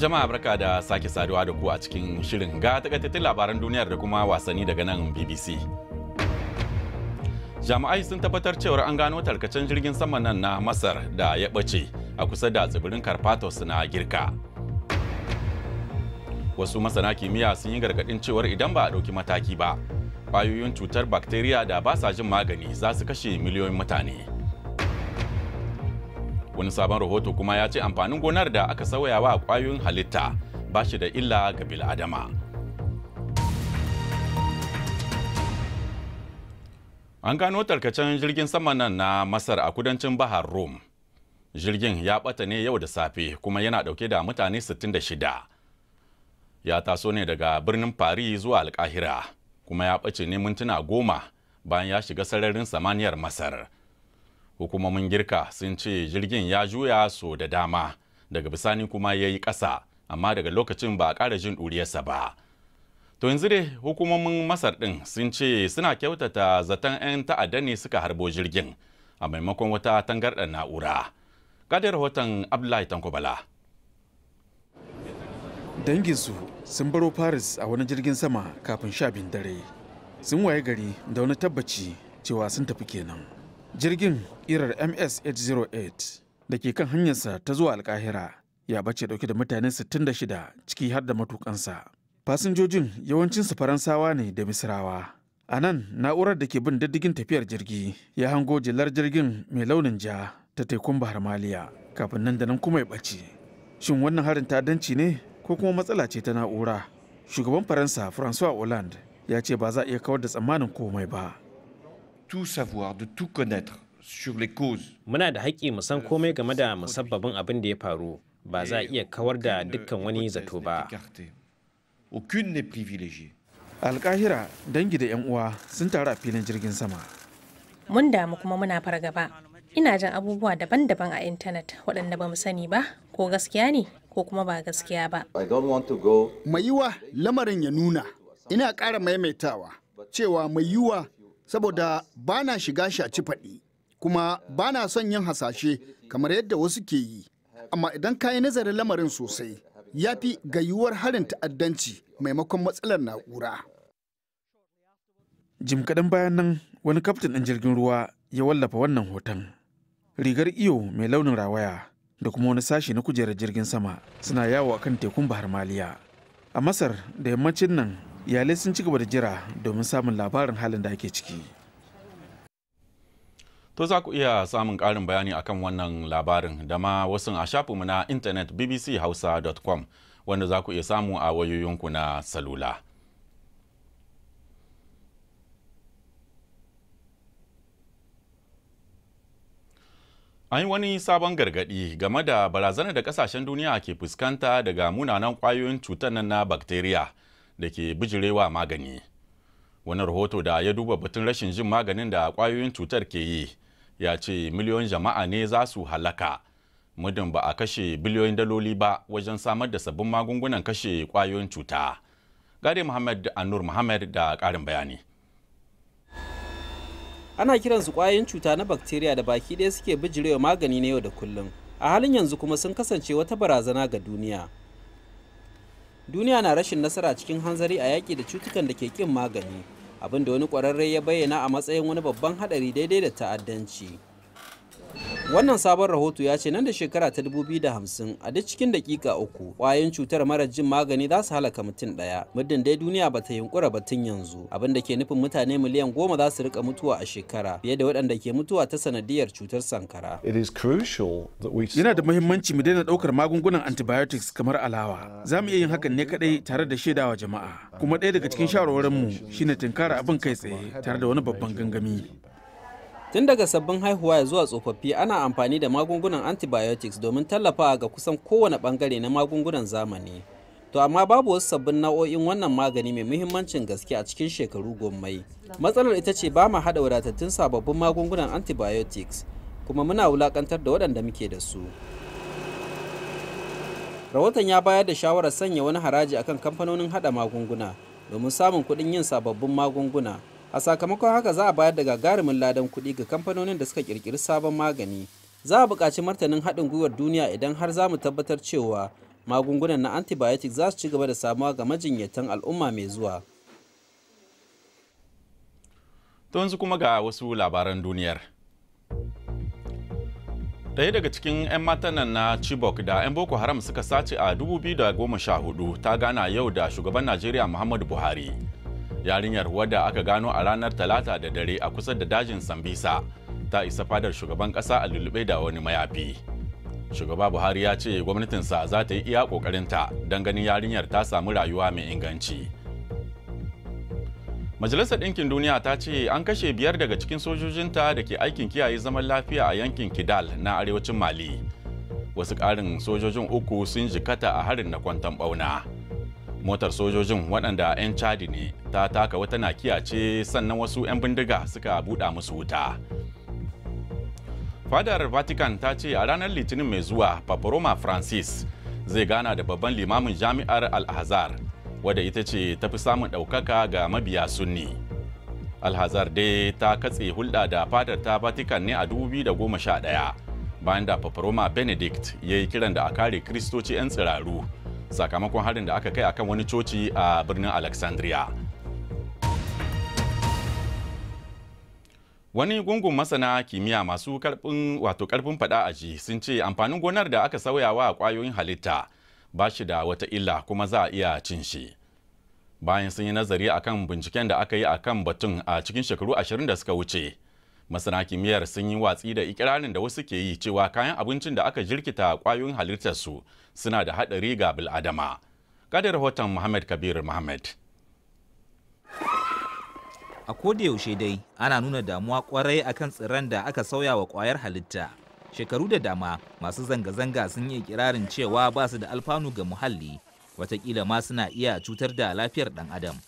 Jama'a barka da sake saduwa da ku a cikin shirin ga takaitattun labaran duniyar da kuma wasanni daga nan BBC. Jami'ai sun tabbatar cewar an gano tarkacen jirgin sama nan na Masar da ya bace a kusa da tsibirin Karpathos na Girka. Wasu masana kimiyya sun yi gargaɗin cewar idan ba a ɗauki mataki ba, ƙwayoyin cutar bakteriya da ba sa jin magani za su kashe miliyoyin mutane. wani sabon rahoto kuma ya ce amfanin gonar da aka sauyawa kwayoyin halitta ba shi da illa ga bil'adama an gano tarkacen jirgin sama nan na masar a kudancin bahar rum jirgin ya bata ne yau da safe kuma yana dauke da mutane 66 ya taso ne daga birnin paris zuwa alkahira kuma ya bace ne mintuna goma bayan ya shiga sararin samaniyar masar hukumomin girka sun ce jirgin ya juya so da dama daga bisani kuma ya yi ƙasa amma daga lokacin ba a ƙara jin ɗuriyarsa ba to yanzu dai hukumomin masar ɗin sun ce suna kyautata zaton 'yan ta'adda ne suka harbo jirgin a maimakon wata tangarɗar na'ura kadar rahoton abdullahi tankobala danginsu sun baro paris a wani jirgin sama kafin sha bin dare sun waye gari da wani tabbaci cewa sun tafi kenan jirgin irar ms 808 da ke kan hanyarsa ta zuwa alkahira ya bace dauke da mutane 66 ciki har da matukansa fasinjojin yawancinsu faransawa ne da misrawa a nan na'urar da ke bin diddigin tafiyar jirgi ya hango jilar jirgin mai launin ja ta tekun bahar maliya kafin nan da nan kuma ya ɓace shin wannan harin ta'addanci ne ko kuma matsala ce ta na'ura shugaban faransa francois hollande ya ce ba za a iya kawar da tsammanin komai ba tout savoir, de tout connaître sur les causes. Muna da haƙƙi mu san komai game da musabbabin abin da ya faru. Ba za a iya kawar da dukkan wani zato ba. Aucune n'est privilégiée. Alƙahira dangi da 'yan uwa sun taru a filin jirgin sama. Mun damu kuma muna fargaba. Ina jin abubuwa daban-daban a intanet waɗanda ba mu sani ba ko gaskiya ne ko kuma ba gaskiya ba. Mai yiwa lamarin ya nuna. Ina kara maimaitawa cewa mai yiwa saboda ba na shiga shi a ci faɗi kuma ba na son yin hasashe kamar yadda wasu ke yi amma idan ka yi nazarin lamarin sosai ya fi ga yiwuwar harin ta'addanci maimakon matsalar na'ura jim kaɗan bayan nan wani kaftin ɗin jirgin ruwa ya wallafa wannan hoton rigar iyo mai launin rawaya da kuma wani sashi na kujerar jirgin sama suna yawo akan tekun bahar maliya a masar da yammacin nan iyalai sun ci gaba da jira domin samun labarin halin da ake ciki to za ku iya samun ƙarin bayani akan wannan labarin da ma wasu a shafinmu na intanet bbchausa.com wanda za ku iya samu a wayoyinku na salula. An yi wani sabon gargadi game da barazanar da kasashen duniya ke fuskanta daga munanan kwayoyin cutar nan na bakteriya da ke bijirewa magani wani rahoto da ya duba batun rashin jin maganin da kwayoyin cutar ke yi ya ce miliyoyin jama'a ne za su halaka mudin ba a kashe biliyoyin daloli ba wajen samar da sabbin magungunan kashe kwayoyin cuta gare muhammad anur muhammad da karin bayani ana kiransu kwayoyin cuta na bakteriya da baki ɗaya suke bijirewa magani na yau da kullum a halin yanzu kuma sun kasance wata barazana ga duniya duniya na rashin nasara cikin hanzari a yaƙi da cutukan da ke ƙin magani abinda wani ƙwararre ya bayyana a matsayin wani babban haɗari daidai da ta'addanci wannan sabon rahoto ya ce nan da shekara ta 2050 a duk cikin dakika uku kwayoyin cutar mara jin magani za su halaka mutum daya muddin dai duniya ba ta yunkura ba tun yanzu abin da ke nufin mutane miliyan goma za su rika mutuwa a shekara fiye da waɗanda ke mutuwa ta sanadiyar cutar sankara yana da muhimmanci mu daina ɗaukar magungunan antibiotics kamar alawa za mu iya yin hakan ne kaɗai tare da shaidawa jama'a kuma ɗaya daga cikin shawarwarinmu shine tunkara abin kai tsaye tare da wani babban gangami Tun daga sabbin haihuwa ya zuwa tsofaffi ana amfani da magungunan antibiotics domin tallafawa ga kusan kowane bangare na magungunan zamani. To amma babu wasu sabbin nau'o'in wannan magani mai muhimmancin gaske a cikin shekaru gommai. Matsalar ita ce ba ma haɗa wadatattun sababbin magungunan antibiotics kuma muna wulakantar da waɗanda muke da su. Rahoton ya bayar da shawarar sanya wani haraji akan kamfanonin haɗa magunguna domin samun kuɗin yin sababbin magunguna. a sakamakon haka za a bayar da gagarumin ladan kuɗi ga kamfanonin da suka kirkiri sabon magani za a buƙaci martanin haɗin gwiwar duniya idan har za mu tabbatar cewa magungunan na antibiotic za su ci gaba da samuwa ga majinyatan al'umma mai zuwa to yanzu kuma ga wasu labaran duniyar Daya daga cikin 'yan matan nan na Chibok da 'yan Boko Haram suka sace a 2014 ta gana yau da shugaban Najeriya Muhammadu Buhari. yarinyar wadda aka gano a ranar talata da dare a kusa da dajin sambisa ta isa fadar shugaban kasa a lulluɓe da wani mayafi shugaba buhari ya ce gwamnatinsa za ta yi iya ƙoƙarinta don ganin yarinyar ta samu rayuwa mai inganci majalisar ɗinkin duniya ta ce an kashe biyar daga cikin sojojinta da ke aikin kiyaye zaman lafiya a yankin kidal na arewacin mali wasu ƙarin sojojin uku sun jikata a harin na kwantan ɓauna. motar sojojin waɗanda 'yan chadi ne ta taka wata nakiya ce sannan wasu 'yan bindiga suka buɗa musu wuta fadar vatican ta ce a ranar litinin mai zuwa paparoma francis zai gana da babban limamin jami'ar alhazar azhar wadda ita ce ta fi samun ɗaukaka ga mabiya sunni alhazar dai ta katse hulɗa da fadar ta vatican ne a 2011 bayan da paparoma benedict ya yi kiran da a kare kristoci 'yan tsiraru sakamakon harin da aka kai akan wani coci a birnin alexandria Wani gungun masana kimiyya masu karfin wato karfin fada a ji sun ce amfanin gonar da aka sauyawa a kwayoyin halitta ba shi da wata illa kuma za a iya cin shi. Bayan sun yi nazari akan binciken da aka yi akan batun a cikin shekaru ashirin da suka wuce, masana kimiyyar sun yi watsi da ikirarin da wasu ke yi cewa kayan abincin da aka jirkita kwayoyin halittarsu suna da haɗari ga bil'adama kada rahoton muhammad kabir muhammad a yaushe dai ana nuna damuwa kwarai akan tsirran da aka sauya wa kwayar halitta shekaru da dama masu zanga-zanga sun yi ikirarin cewa ba su da alfanu ga muhalli watakila ma suna iya cutar da lafiyar dan adam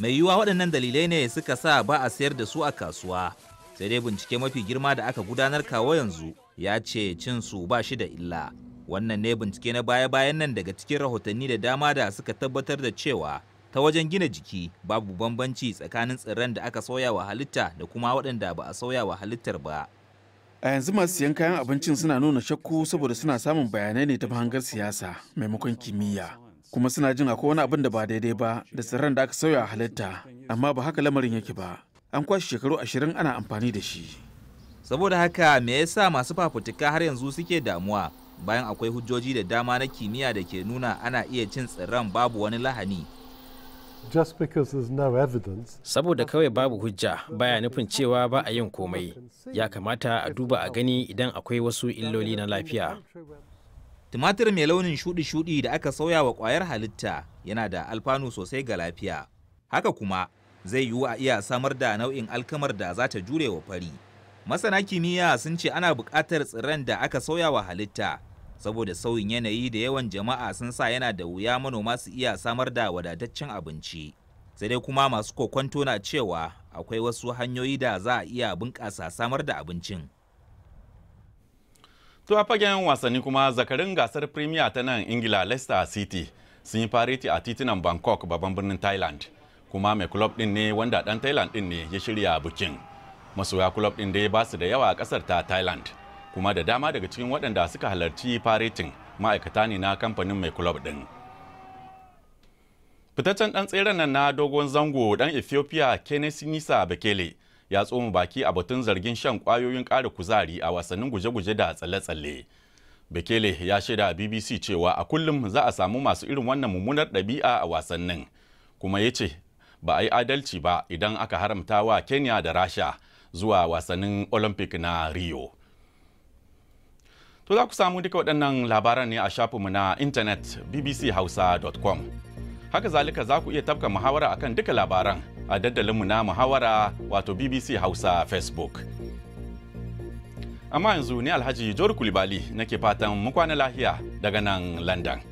mai yiwuwa waɗannan dalilai ne suka sa ba a sayar da su a kasuwa sai dai bincike mafi girma da aka gudanar kawo yanzu ya ce cin su ba shi da illa wannan ne bincike na baya-bayan nan daga cikin rahotanni da dama da suka tabbatar da cewa ta wajen gina jiki babu bambanci tsakanin tsirran da aka sauya wa halitta da kuma waɗanda ba a sauya wa halittar ba a yanzu masu siyan kayan abincin suna nuna shakku saboda suna samun bayanai ne ta hangar siyasa maimakon kimiyya kuma suna jin akwai wani abin da ba daidai ba da tsirran da aka sauya halitta amma ba haka lamarin yake ba an kwashe shekaru ashirin ana amfani da shi saboda haka me yasa masu fafutuka har yanzu suke damuwa bayan akwai hujjoji da dama na kimiyya da ke nuna ana iya cin tsirran babu wani lahani saboda kawai babu hujja baya nufin cewa ba a yin komai ya kamata a duba a gani idan akwai wasu illoli na lafiya Tumatir mai launin shuɗi-shuɗi da aka sauya wa ƙwayar halitta yana da alfanu sosai ga lafiya. Haka kuma zai yiwu a iya samar da nau'in alkamar da za ta jure wa fari. Masana kimiyya sun ce ana buƙatar tsirran da aka sauya wa halitta saboda sauyin yanayi da yawan jama'a sun sa yana da wuya manoma su iya samar da wadataccen abinci. Sai dai kuma masu kokwanto na cewa akwai wasu hanyoyi da za a iya bunƙasa samar da abincin. To a fagen wasanni kuma zakarin gasar Premier ta nan Ingila Leicester City sun yi fareti a titunan Bangkok babban birnin Thailand. Kuma mai kulob din ne wanda dan Thailand din ne ya shirya bukin. Masoya kulob din dai ba su da yawa a kasar ta Thailand. Kuma da dama daga cikin waɗanda suka halarci faretin ma'aikata ne na kamfanin mai kulob din. Fitaccen dan tseren nan na dogon zango dan Ethiopia Kenneth Nisa Bekele ya tsoma baki a batun zargin shan kwayoyin kare kuzari a wasannin guje-guje da tsalle-tsalle. Bekele ya shaida BBC cewa a kullum za a samu masu irin wannan mummunar ɗabi'a a wasannin, kuma ya ce ba a yi adalci ba idan aka haramta wa Kenya da Rasha zuwa wasannin Olympic na Rio. To za ku samu duka waɗannan labaran ne a shafinmu na intanet bbchausa.com. Haka zalika za ku iya tafka muhawara akan duka labaran a mu na muhawara wato BBC Hausa Facebook. Amma yanzu ni Alhaji Joru Kulibali nake fatan mu kwana lahiya daga nan London.